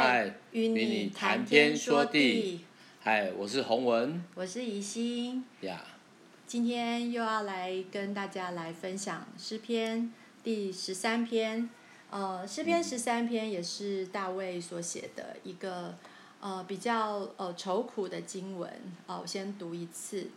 嗨，與你談天說地。嗨，我是洪文，我是怡心。Yeah. 今天又要來跟大家來分享詩篇第十三篇。呃，詩篇十三篇也是大衛所寫的一個、mm. 呃比較呃愁苦的經文，啊。我先讀一次。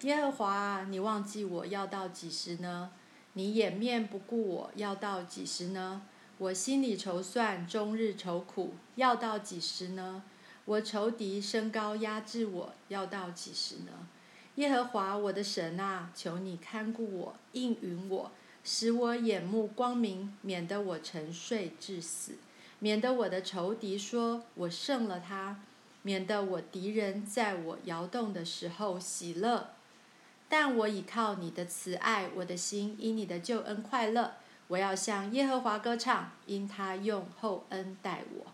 耶和華，你忘記我要到幾時呢？你掩面不顧我要到幾時呢？我心裡籌算，終日愁苦，要到幾時呢？我仇敵升高壓制我，要到幾時呢？耶和華我的神啊，求你看顧我，應允我，使我眼目光明，免得我沉睡至死，免得我的仇敵說我勝了他，免得我敵人在我搖動的時候喜樂。但我倚靠你的慈愛，我的心因你的救恩快樂。我要向耶和華歌唱，因他用厚恩待我。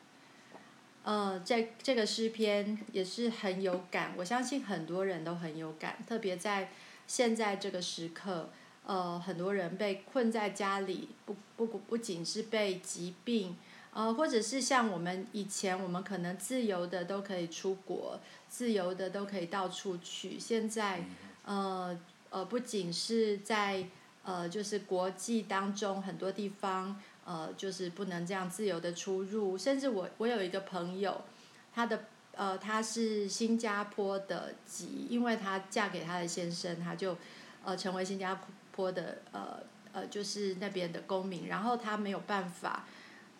呃，在這，這個詩篇也是很有感，我相信很多人都很有感，特別在現在這個時刻，呃，很多人被困在家裡，不不不僅是被疾病，呃，或者是像我們以前，我們可能自由的都可以出國，自由的都可以到處去。現在，呃呃，不僅是在。呃，就是國際當中很多地方，呃，就是不能這樣自由的出入。甚至我我有一個朋友，他的呃他是新加坡的籍，因為他嫁給他的先生，他就呃成為新加坡的呃呃就是那邊的公民。然後他沒有辦法，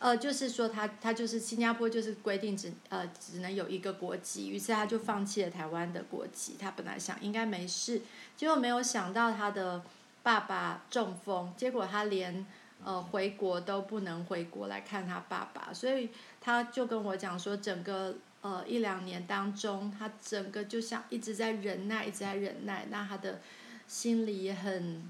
呃，就是說他他就是新加坡就是規定只呃只能有一個國籍，於是他就放棄了台灣的國籍。他本來想應該沒事，結果沒有想到他的。爸爸中風，結果他連呃回國都不能回國來看他爸爸，所以他就跟我講說，整個呃一兩年當中，他整個就像一直在忍耐，一直在忍耐，那他的心裡很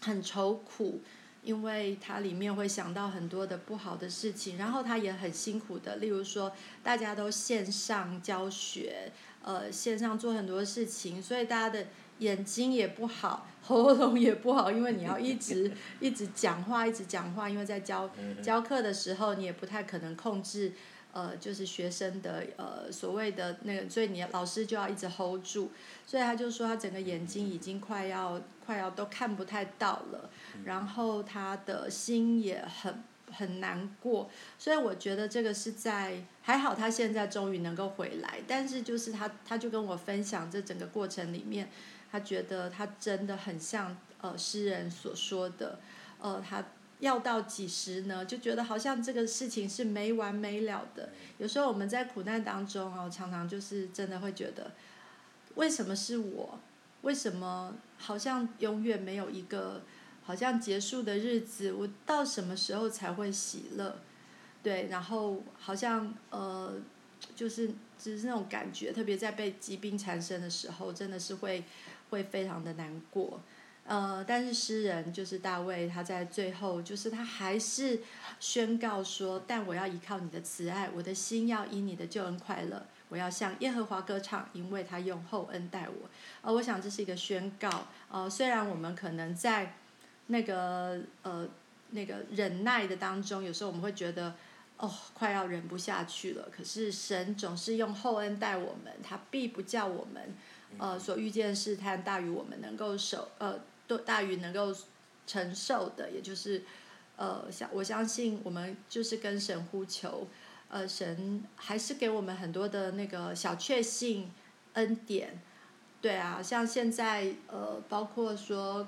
很愁苦，因為他裡面會想到很多的不好的事情，然後他也很辛苦的，例如說大家都線上教學，呃線上做很多事情，所以大家的。眼睛也不好，喉嚨也不好，因為你要一直一直講話，一直講話，因為在教教課的時候，你也不太可能控制，呃，就是學生的呃所謂的那個，所以你老師就要一直 hold 住。所以他就說他整個眼睛已經快要、嗯嗯、快要都看不太到了，然後他的心也很很難過。所以我覺得這個是在還好他現在終於能夠回來，但是就是他他就跟我分享這整個過程裡面。他覺得他真的很像呃詩人所說的，呃，他要到幾時呢？就覺得好像這個事情是沒完沒了的。有時候我們在苦難當中啊、哦，常常就是真的會覺得，為什麼是我？為什麼好像永遠沒有一個好像結束的日子？我到什麼時候才會喜樂？對，然後好像呃，就是只是那種感覺，特別在被疾病纏身的時候，真的是會。會非常的難過，呃，但是詩人就是大衛，他在最後就是他還是宣告說：“但我要倚靠你的慈愛，我的心要因你的救恩快樂。我要向耶和華歌唱，因為他用厚恩待我。”呃，而我想這是一個宣告。呃，雖然我們可能在那個呃那個忍耐的當中，有時候我們會覺得哦，快要忍不下去了。可是神總是用厚恩待我們，他必不叫我們。呃，所遇見試探大於我們能夠守，呃，都大於能夠承受的，也就是，呃，像我相信我們就是跟神呼求，呃，神還是給我們很多的那個小確幸、恩典，對啊，像現在呃，包括說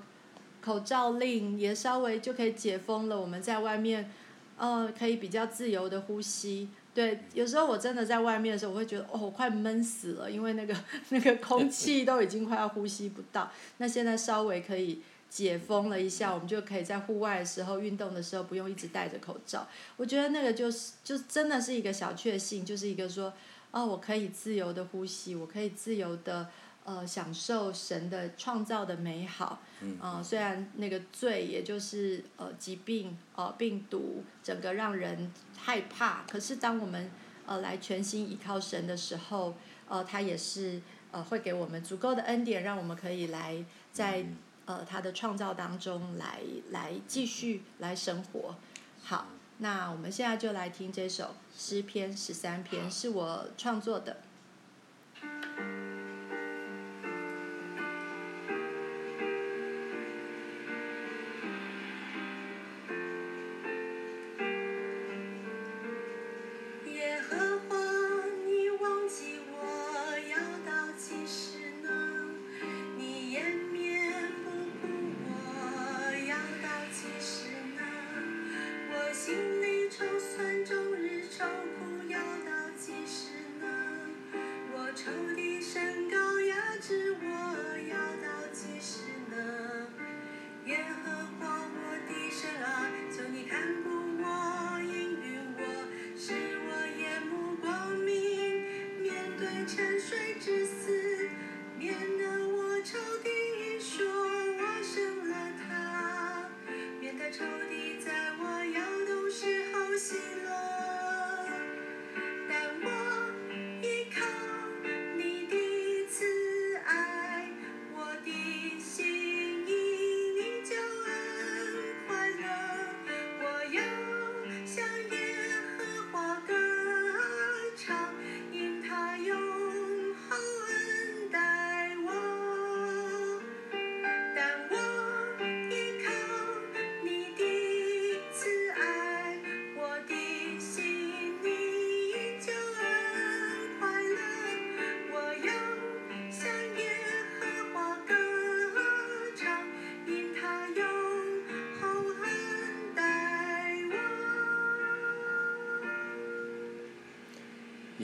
口罩令也稍微就可以解封了，我們在外面，呃，可以比較自由的呼吸。對，有時候我真的在外面的時候，我會覺得哦，我快悶死了，因為那個那個空氣都已經快要呼吸不到。那現在稍微可以解封了一下，我們就可以在戶外的時候運動的時候不用一直戴着口罩。我覺得那個就是就真的是一個小確幸，就是一個說哦，我可以自由的呼吸，我可以自由的。呃，享受神的創造的美好，啊、嗯呃，雖然那個罪，也就是呃疾病，呃病毒，整個讓人害怕。可是當我們呃來全心依靠神的時候，呃，他也是呃會給我們足夠的恩典，讓我們可以來在、嗯、呃他的創造當中來來繼續來生活。好，那我們現在就來聽這首詩篇十三篇，是我創作的。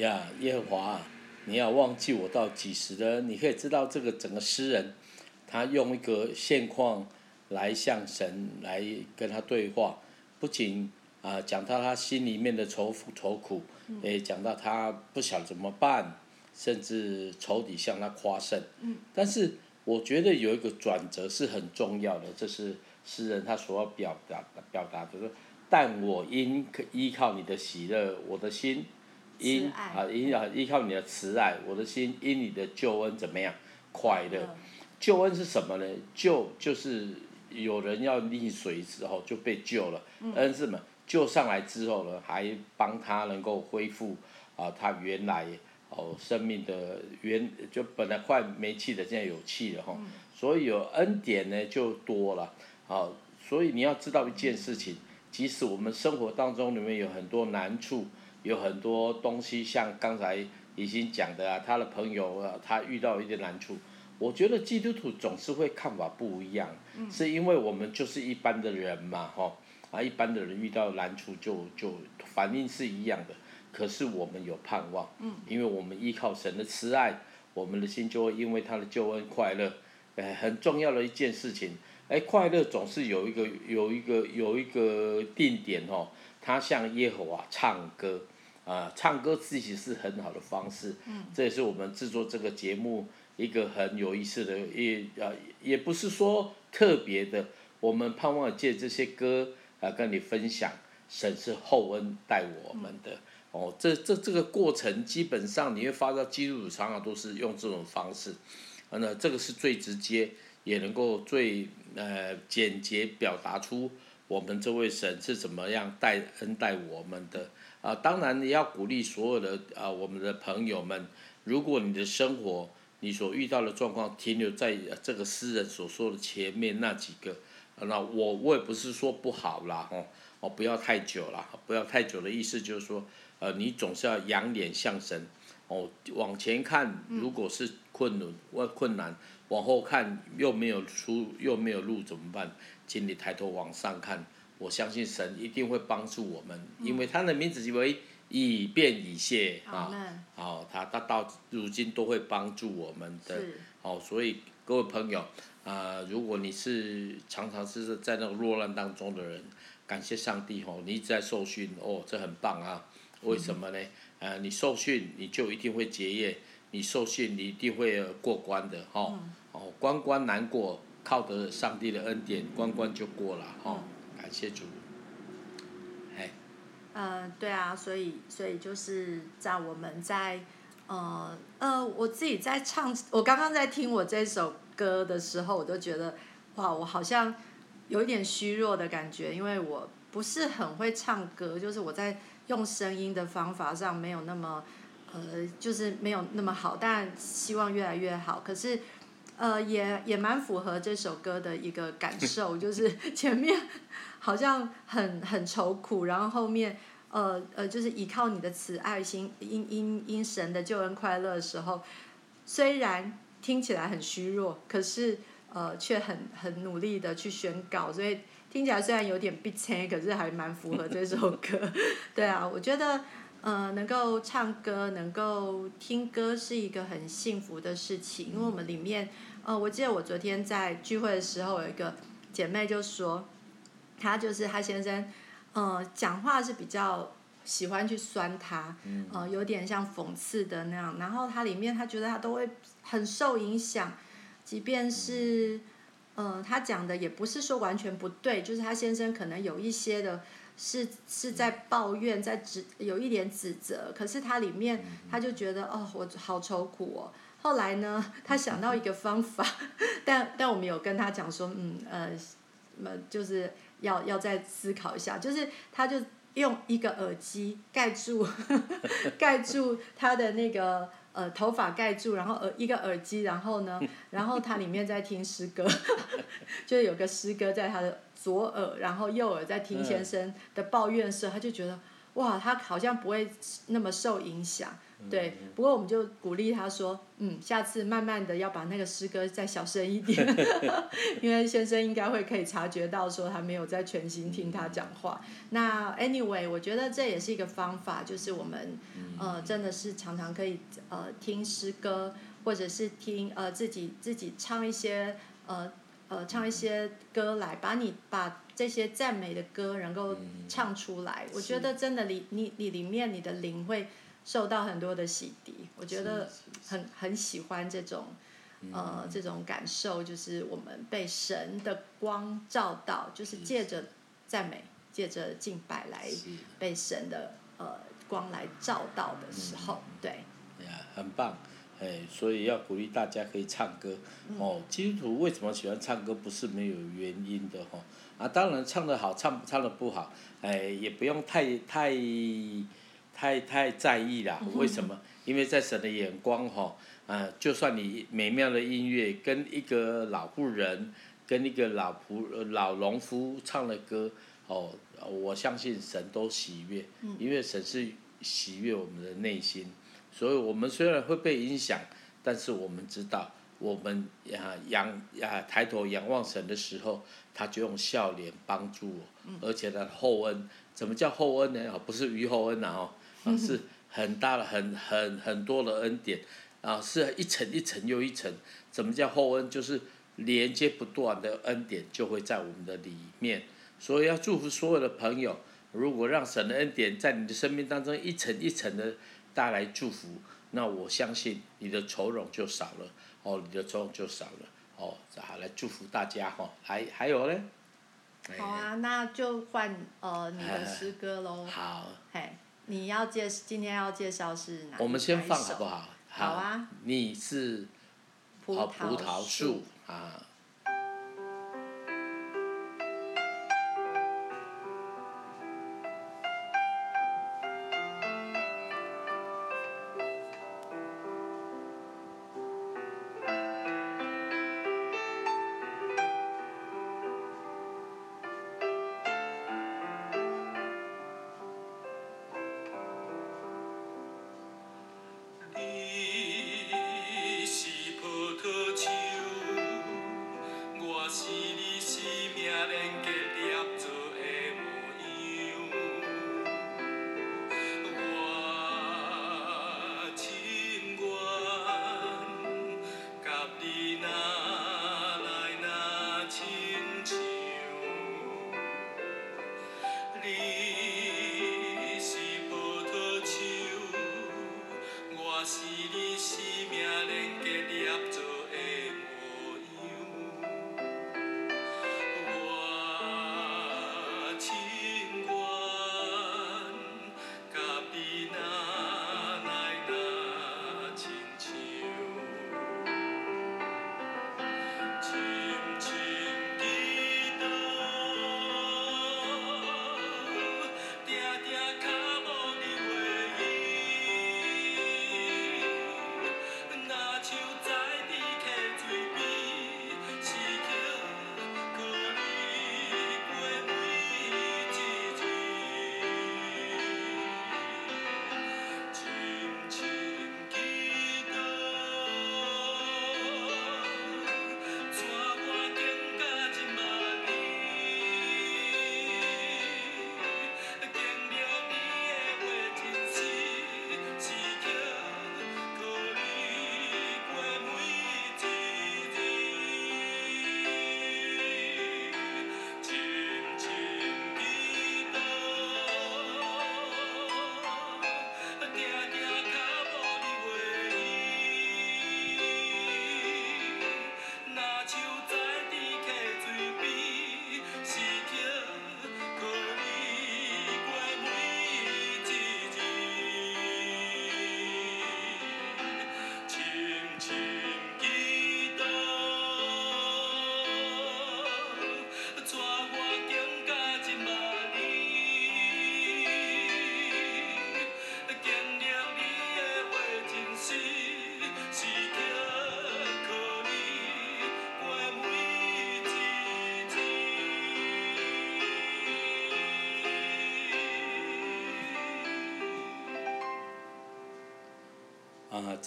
啊，耶和華，你要忘記我到幾時呢？你可以知道，這個整個詩人，他用一個現況來向神來跟他對話，不僅啊講到他心裡面的愁愁苦，哎，講到他不想怎麼辦，甚至仇敵向他誇勝。但是我覺得有一個轉折是很重要的，這是詩人他所要表達表達的，說，但我因依靠你的喜樂，我的心。因啊，因啊，依靠你的慈愛，嗯、我的心因你的救恩怎麼樣快樂，嗯。救恩是什麼呢？救就是有人要溺水之後就被救了，嗯，恩是什麼？救上來之後呢，還幫他能夠恢復啊，他原來哦生命的原就本來快沒氣的，現在有氣了哈，哦嗯。所以有恩典呢就多了啊，所以你要知道一件事情，即使我們生活當中裡面有很多難處。有很多東西，像剛才已經講的啊，他的朋友、啊、他遇到一點難處，我覺得基督徒總是會看法不一樣，嗯、是因為我們就是一般的人嘛，哈啊，一般的人遇到的難處就就反應是一樣的，可是我們有盼望、嗯，因為我們依靠神的慈愛，我們的心就會因為他的救恩快樂，很重要的一件事情，哎，快樂總是有一個有一個有一個定點哦，他向耶和華唱歌。啊，唱歌自己是很好的方式，嗯，這也是我們製作這個節目一個很有意思的，也啊，也不是說特別的，我們盼望借這些歌啊跟你分享，神是厚恩待我們的，嗯、哦，這這這個過程基本上，你會發到基督徒常常都是用這種方式，那、啊、這個是最直接，也能夠最呃簡潔表達出我們這位神是怎麼樣帶恩帶我們的。啊，當然也要鼓勵所有的啊，我們的朋友們。如果你的生活你所遇到的狀況停留在這個詩人所說的前面那幾個，啊、那我我也不是說不好啦，哦，哦，不要太久了，不要太久的意思就是說，呃，你總是要仰臉向神，哦，往前看，如果是困難困難、嗯，往後看又沒有出又沒有路怎麼辦？請你抬頭往上看。我相信神一定會幫助我們，因為他的名字為以便以謝。哈、嗯哦，哦，他到到如今都會幫助我們的。哦，所以各位朋友，啊、呃，如果你是常常是在那種落難當中的人，感謝上帝哦，你一直在受訓哦，這很棒啊！為什麼呢、嗯？呃，你受訓你就一定會結業，你受訓你一定會過關的。哈、哦嗯，哦，關關難過，靠著上帝的恩典，關關就過了。哈、嗯。哦謝，謝主，hey. 呃，對啊，所以，所以就是在我們在呃呃，我自己在唱，我剛剛在聽我這首歌的時候，我都覺得哇，我好像有一點虛弱的感覺，因為我不是很會唱歌，就是我在用聲音的方法上沒有那麼呃，就是沒有那麼好，但希望越來越好。可是呃，也也蠻符合這首歌的一個感受，就是前面。 好像很很愁苦，然後後面呃呃就是依靠你的慈愛心，因因因神的救恩快樂的時候，雖然聽起來很虛弱，可是呃卻很很努力的去宣告，所以聽起來雖然有點悲慘，可是還蠻符合這首歌。 對啊，我覺得呃能夠唱歌，能夠聽歌是一個很幸福的事情，因為我們裡面呃我記得我昨天在聚會的時候有一個姐妹就說。他就是他先生，呃，講話是比較喜歡去酸他，呃，有點像諷刺的那樣。然後他裡面，他覺得他都會很受影響，即便是，呃，他講的也不是說完全不對，就是他先生可能有一些的是，是是在抱怨，在指有一點指責，可是他裡面他就覺得哦，我好愁苦哦。後來呢，他想到一個方法，但但我們有跟他講說，嗯，呃，什麼就是。要要再思考一下，就是他就用一個耳機蓋住， 蓋住他的那個呃頭髮蓋住，然後耳一個耳機，然後呢，然後他裡面在聽詩歌， 就有個詩歌在他的左耳，然後右耳在聽先生的抱怨聲，他就覺得哇，他好像不會那麼受影響。對，不過我們就鼓勵他說，嗯，下次慢慢的要把那個詩歌再小聲一點， 因為先生應該會可以察覺到說他沒有在全心聽他講話，嗯。那 anyway，我覺得這也是一個方法，就是我們、嗯、呃真的是常常可以呃聽詩歌，或者是聽呃自己自己唱一些呃呃唱一些歌來，把你把這些讚美的歌能夠唱出來。嗯，我覺得真的你你你裡面你的靈會。受到很多的洗滌，我覺得很很，很喜歡這種、嗯，呃，這種感受，就是我們被神的光照到，嗯、就是借着讚美，借着敬拜來被神的呃光來照到的時候、嗯，對，呀，很棒，哎，所以要鼓勵大家可以唱歌，嗯、哦，基督徒為什麼喜歡唱歌，不是沒有原因的哈、哦，啊，當然唱得好，唱唱得不好，哎，也不用太太。太太在意啦？為什麼？嗯嗯，因為在神的眼光哈、哦，啊、呃，就算你美妙的音樂跟一個老婦人、跟一個老僕、呃、老農夫唱的歌，哦，我相信神都喜悅，因為神是喜悅我們的內心。嗯、所以，我們雖然會被影響，但是我們知道，我們呀、啊、仰呀抬、啊、頭仰望神的時候，他就用笑臉幫助我，嗯、而且他的厚恩。怎麼叫厚恩呢？哦，不是於厚恩吶、啊，哦。啊，是很大的，很很很多的恩典啊，是一層一層又一層。怎麼叫厚恩？就是連接不斷的恩典，就會在我們的裡面。所以要祝福所有的朋友，如果讓神的恩典在你的生命當中一層一層的帶來祝福，那我相信你的愁容就少了哦，你的愁容就少了哦。好，來祝福大家哈。還、哦、還有呢？好啊，那就換呃你的詩歌嘍。好。你要介紹，今天要介紹是哪？我們先放好不好？好啊，你是葡萄、哦、葡萄樹葡萄啊。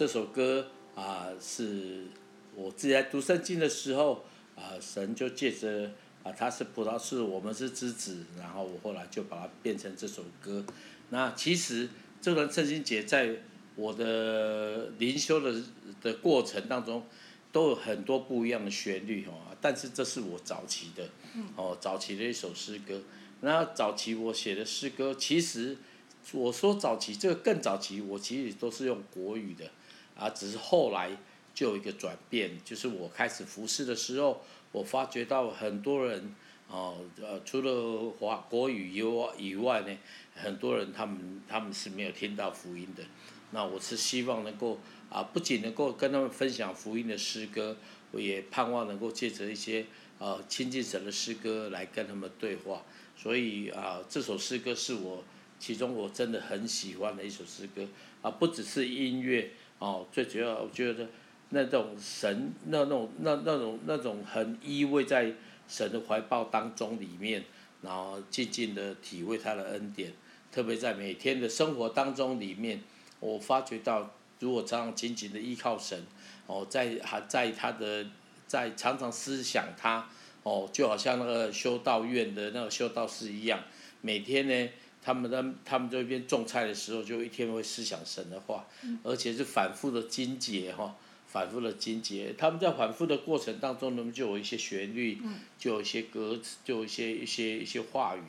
這首歌啊、呃，是我自己在讀聖經的時候啊、呃，神就借着啊，他是葡萄樹，我們是枝子，然後我後來就把它變成這首歌。那其實這段聖經節在我的靈修的的過程當中，都有很多不一樣的旋律哦，但是這是我早期的哦，早期的一首詩歌。那早期我寫的詩歌，其實我說早期，這個更早期，我其實都是用國語的。啊，只是後來就有一個轉變，就是我開始服事的時候，我發覺到很多人，哦呃，除了華國語以外以外呢，很多人他們他們是沒有聽到福音的。那我是希望能夠啊、呃，不僅能夠跟他們分享福音的詩歌，我也盼望能夠借着一些呃親近神的詩歌來跟他們對話。所以啊、呃，這首詩歌是我其中我真的很喜歡的一首詩歌啊、呃，不只是音樂。哦，最主要我覺得那種神，那種那，那種那那種那種很依偎在神的懷抱當中裡面，然後靜靜的體會他的恩典，特別在每天的生活當中裡面，我發覺到如果常常緊緊的依靠神，哦，在還在他的在常常思想他，哦，就好像那個修道院的那個修道士一樣，每天呢。他們在他們在那邊種菜的時候，就一天會思想神的話，嗯、而且是反覆的經節哈，反覆的經節。他們在反覆的過程當中，他們就有一些旋律，嗯、就有一些歌詞，就有一些一些一些話語，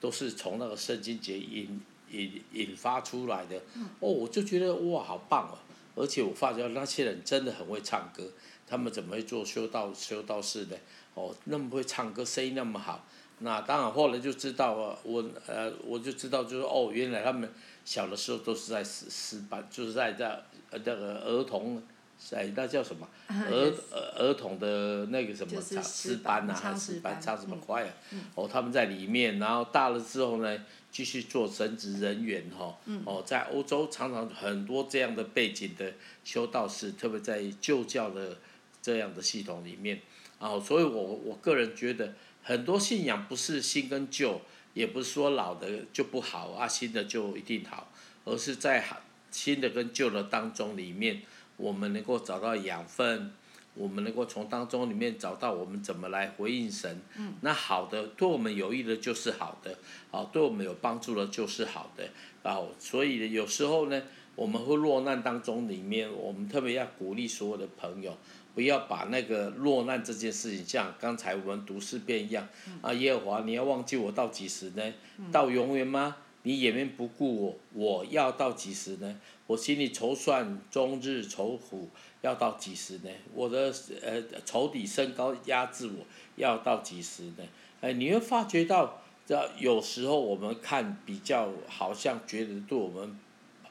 都是從那個聖經節引引引發出來的、嗯。哦，我就覺得哇，好棒哦！而且我發覺那些人真的很會唱歌，他們怎麼會做修道修道士呢？哦，那麼會唱歌，聲音那麼好。那當然，後來就知道了。我呃，我就知道，就是哦，原來他們小的時候都是在師師班，就是在在那個兒童，在那叫什麼兒、uh, yes. 兒童的那個什麼差師班吶，還、就是師班，師班、啊、師班差什麼快啊、嗯嗯？哦，他們在裡面，然後大了之後呢，繼續做神職人員哦、嗯、哦，在歐洲常常很多這樣的背景的修道士，特別在舊教的這樣的系統裡面，然後、哦、所以我我個人覺得。很多信仰不是新跟舊，也不是說老的就不好啊，新的就一定好，而是在新的跟舊的當中裡面，我們能夠找到養分，我們能夠從當中裡面找到我們怎麼來回應神。嗯，那好的，對我們有益的就是好的，好，對我們有幫助的就是好的，啊，所以有時候呢，我們會落難當中裡面，我們特別要鼓勵所有的朋友。不要把那個落難這件事情，像剛才我們讀詩篇一樣，嗯，啊，耶和華，你要忘記我到幾時呢？嗯，到永遠嗎？你掩面不顧我，我要到幾時呢？我心裡籌算，終日愁苦，要到幾時呢？我的呃仇敵升高壓制我，要到幾時呢？哎，呃，你會發覺到，要有時候我們看比較好像覺得對我們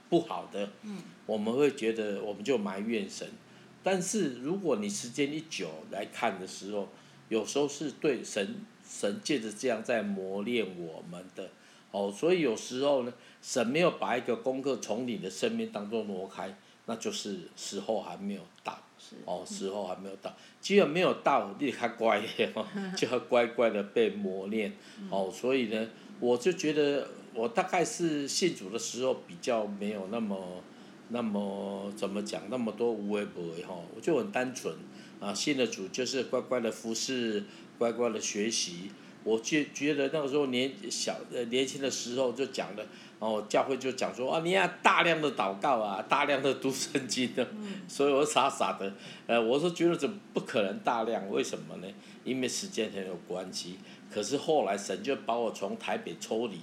不好的，嗯，我們會覺得我們就埋怨神。但是如果你時間一久來看的時候，有時候是對神神借着這樣在磨練我們的哦，所以有時候呢，神沒有把一個功課從你的生命當中挪開，那就是時候還沒有到，哦，時候還沒有到，既然沒有到，你還乖，哦，就乖乖的被磨練哦，所以呢，我就覺得我大概是信主的時候比較沒有那麼。那麼怎麼講那麼多無為不為哈？我、哦、就很單純啊，信了主就是乖乖的服侍，乖乖的學習。我就覺得那個時候年小呃年輕的時候就講了，哦教會就講說啊，你要、啊、大量的禱告啊，大量的讀聖經的、啊嗯。所以我傻傻的，呃，我是覺得這不可能大量，為什麼呢？因為時間很有關係。可是後來神就把我從台北抽離，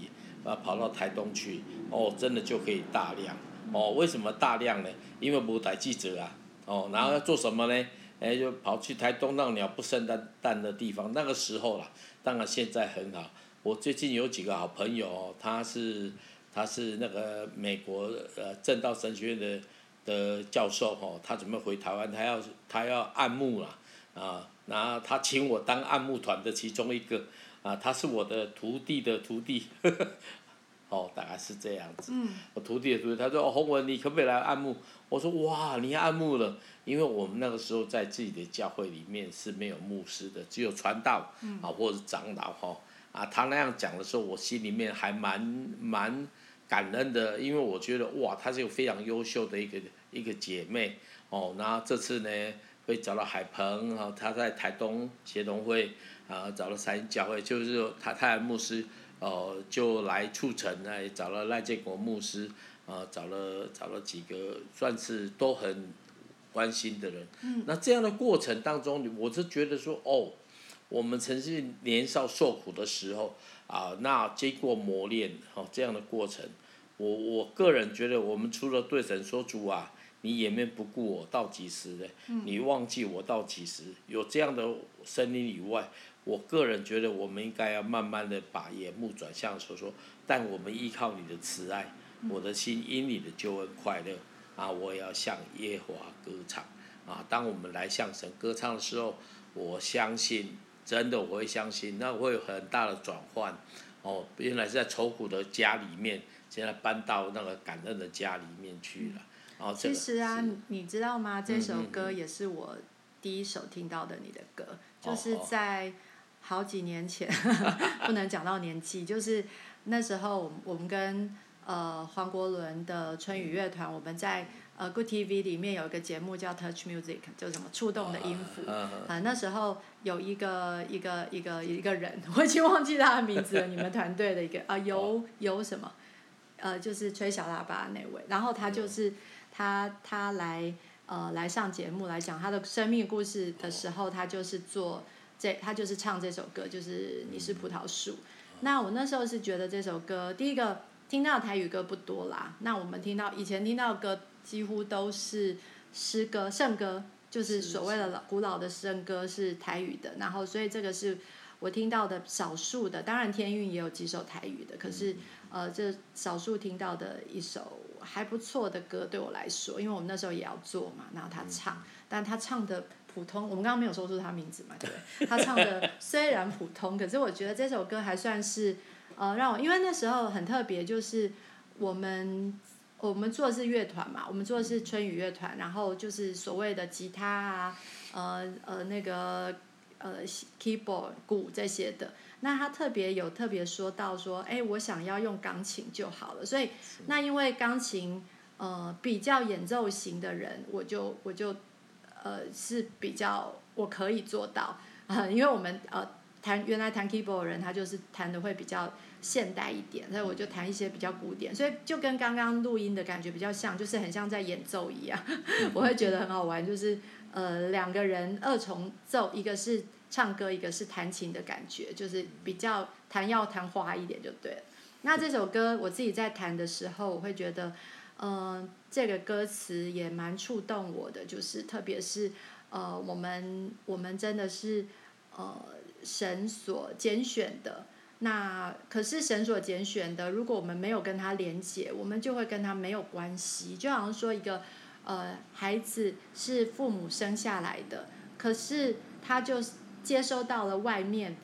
啊，跑到台東去，哦，真的就可以大量。哦，為什麼大量呢？因為無台記者啊，哦，然後要做什麼呢？誒、欸，就跑去台東那個、鳥不生蛋蛋的地方，那個時候啦，當然現在很好。我最近有幾個好朋友，他是他是那個美國呃正道神學院的的教授吼、哦，他準備回台灣，他要他要按牧啦啊，然後他請我當按牧團的其中一個啊，他是我的徒弟的徒弟。呵呵哦，大概是這樣子。我、嗯、徒弟也說，他說：“哦，洪文，你可不可以來按牧？”我說：“哇，你要按牧了，因為我們那個時候在自己的教會裡面是沒有牧師的，只有傳道啊、嗯、或者是長老哈啊。”他那樣講的時候，我心裡面還蠻蠻、嗯、感恩的，因為我覺得哇，她是有非常優秀的一個一個姐妹哦。那這次呢，會找到海鵬啊、哦，他在台東協同會啊、呃，找到三教會，就是說他他是牧師。哦、呃，就來促成呢，來找了賴建國牧師，啊、呃，找了找了幾個，算是都很關心的人、嗯。那這樣的過程當中，我是覺得說，哦，我們曾經年少受苦的時候啊、呃，那經過磨練，哦，這樣的過程，我我個人覺得，我們除了對神說、嗯、主啊，你掩面不顧我到幾時呢？嗯、你忘記我到幾時？有這樣的聲音以外。我個人覺得，我們應該要慢慢的把眼目轉向，所說，但我們依靠你的慈愛，我的心因你的救恩快樂。啊，我也要向耶和華歌唱。啊，當我們來向神歌唱的時候，我相信，真的我會相信，那會有很大的轉換。哦，原來是在愁苦的家裡面，現在搬到那個感恩的家裡面去了。然後這個，其實啊，你知道嗎？這首歌也是我第一首聽到的你的歌，就是在。好幾年前， 不能講到年紀， 就是那時候，我們跟呃黃國倫的春雨樂團、嗯，我們在呃 Good TV 裡面有一個節目叫 Touch Music，就什麼觸動的音符啊啊啊。啊，那時候有一個一個一個一個人，我已經忘記他的名字了。 你們團隊的一個啊，有有什麼？呃，就是吹小喇叭的那位，然後他就是、嗯、他他來呃來上節目來講他的生命故事的時候，哦、他就是做。這他就是唱這首歌，就是祢是葡萄樹。Mm -hmm. 那我那時候是覺得這首歌，第一個聽到台語歌不多啦。那我們聽到以前聽到的歌幾乎都是詩歌、聖歌，就是所謂的老是是古老的聖歌是台語的。然後所以這個是我聽到的少數的，當然天韻也有幾首台語的，可是、mm -hmm. 呃這少數聽到的一首還不錯的歌對我來說，因為我們那時候也要做嘛，然後他唱，mm -hmm. 但他唱的。普通，我們剛剛沒有說出他名字嘛，對，他唱的雖然普通， 可是我覺得這首歌還算是呃，讓我因為那時候很特別，就是我們我們做的是樂團嘛，我們做的是春雨樂團，然後就是所謂的吉他啊，呃呃那個呃 keyboard 鼓這些的。那他特別有特別說到說，哎，我想要用鋼琴就好了。所以那因為鋼琴呃比較演奏型的人，我就我就。呃，是比較我可以做到啊，呃，因為我們呃彈原來彈 keyboard 的人，他就是彈的會比較現代一點，所以我就彈一些比較古典，所以就跟剛剛錄音的感覺比較像，就是很像在演奏一樣，我會覺得很好玩，就是呃兩個人二重奏，一個是唱歌，一個是彈琴的感覺，就是比較彈要彈花一點就對了。那這首歌我自己在彈的時候，我會覺得。嗯、呃，這個歌詞也蠻觸動我的，就是特別是，呃，我們我們真的是，呃，神所揀選的。那可是神所揀選的，如果我們沒有跟他連接，我們就會跟他沒有關係。就好像說一個，呃，孩子是父母生下來的，可是他就接收到了外面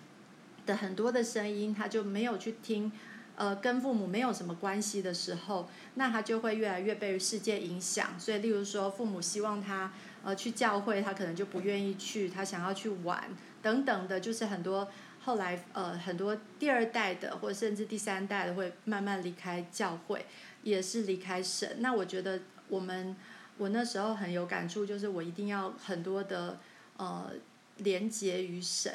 的很多的聲音，他就沒有去聽。呃，跟父母沒有什麼關係的時候，那他就會越來越被世界影響。所以，例如說，父母希望他呃，去教會，他可能就不願意去，他想要去玩等等的，就是很多後來呃，很多第二代的，或者甚至第三代的會慢慢離開教會，也是離開神。那我覺得我們我那時候很有感觸，就是我一定要很多的呃，連接於神。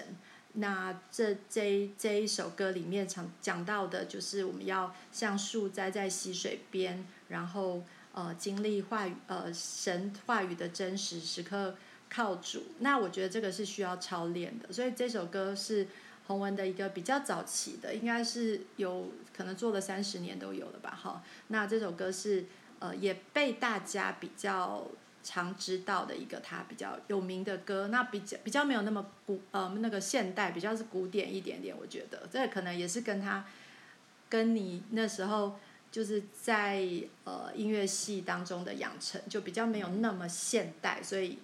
那這這這一首歌裡面講講到的就是我們要像樹栽在，在溪水邊，然後呃經歷話語呃神話語的真實時刻靠主。那我覺得這個是需要操練的，所以這首歌是洪文的一個比較早期的，應該是有可能做了三十年都有了吧哈。那這首歌是呃也被大家比較常知道的一個，他比較有名的歌，那比較比較沒有那麼古，呃那個現代，比較是古典一點點。我覺得這可能也是跟他跟你那時候就是在呃音樂系當中的養成，就比較沒有那麼現代，所以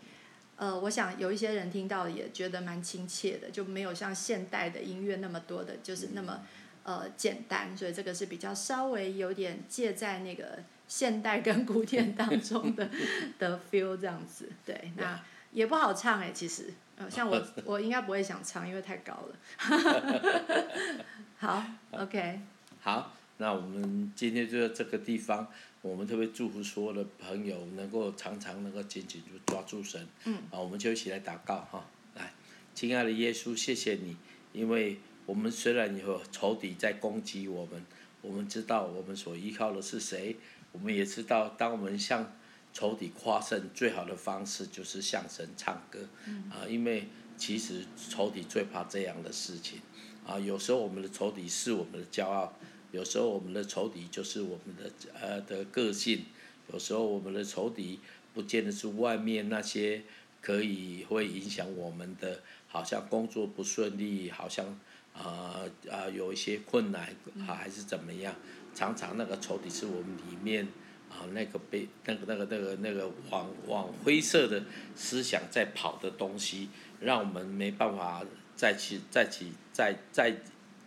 呃我想有一些人聽到也覺得蠻親切的，就沒有像現代的音樂那麼多的，就是那麼呃簡單，所以這個是比較稍微有點借在那個。現代跟古典當中的 的 feel 這樣子，對，那、yeah. 也不好唱哎、欸，其實，呃、像我 我應該不會想唱，因為太高了。 好 ，OK。好，那我們今天就在這個地方，我們特別祝福所有的朋友能夠常常能夠緊緊就抓住神。嗯。啊、我們就一起來禱告哈，來，親愛的耶穌，謝謝你，因為我們雖然有仇敵在攻擊我們，我們知道我們所依靠的是誰。我們也知道，當我們向仇敵誇勝，最好的方式就是向神唱歌。啊、嗯呃，因為其實仇敵最怕這樣的事情。啊、呃，有時候我們的仇敵是我們的驕傲，有時候我們的仇敵就是我們的呃的個性，有時候我們的仇敵不見得是外面那些可以會影響我們的，好像工作不順利，好像啊啊、呃呃、有一些困難，啊，還是怎麼樣。嗯常常那個仇敵是我們裡面啊，那個被那個那個那個那個往往灰色的思想在跑的東西，讓我們沒辦法再去再去再再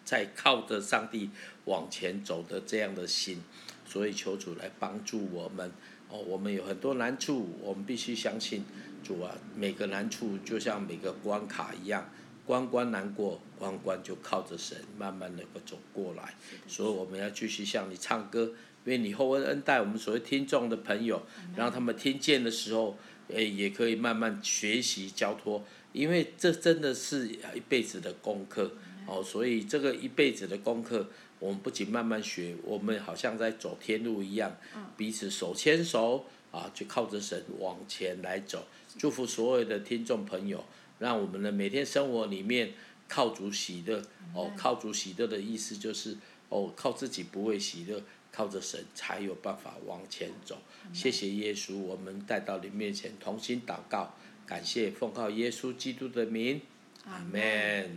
再靠着上帝往前走的這樣的心，所以求主來幫助我們哦，我們有很多難處，我們必須相信主啊，每個難處就像每個關卡一樣。關關難過，關關就靠着神，慢慢的走過來是是。所以我們要繼續向你唱歌，因為你後恩恩待我們所有聽眾的朋友，讓、嗯、他們聽見的時候，誒、哎，也可以慢慢學習交托，因為這真的是一輩子的功課、嗯。哦，所以這個一輩子的功課，我們不僅慢慢學，我們好像在走天路一樣，嗯、彼此手牽手啊，就靠着神往前來走。祝福所有的聽眾朋友。讓我們的每天生活裡面靠主喜樂、Amen、哦，靠主喜樂的意思就是哦，靠自己不會喜樂，靠着神才有辦法往前走。Amen、謝謝耶穌，我們帶到你面前，同心禱告，感謝奉靠耶穌基督的名。阿門。Amen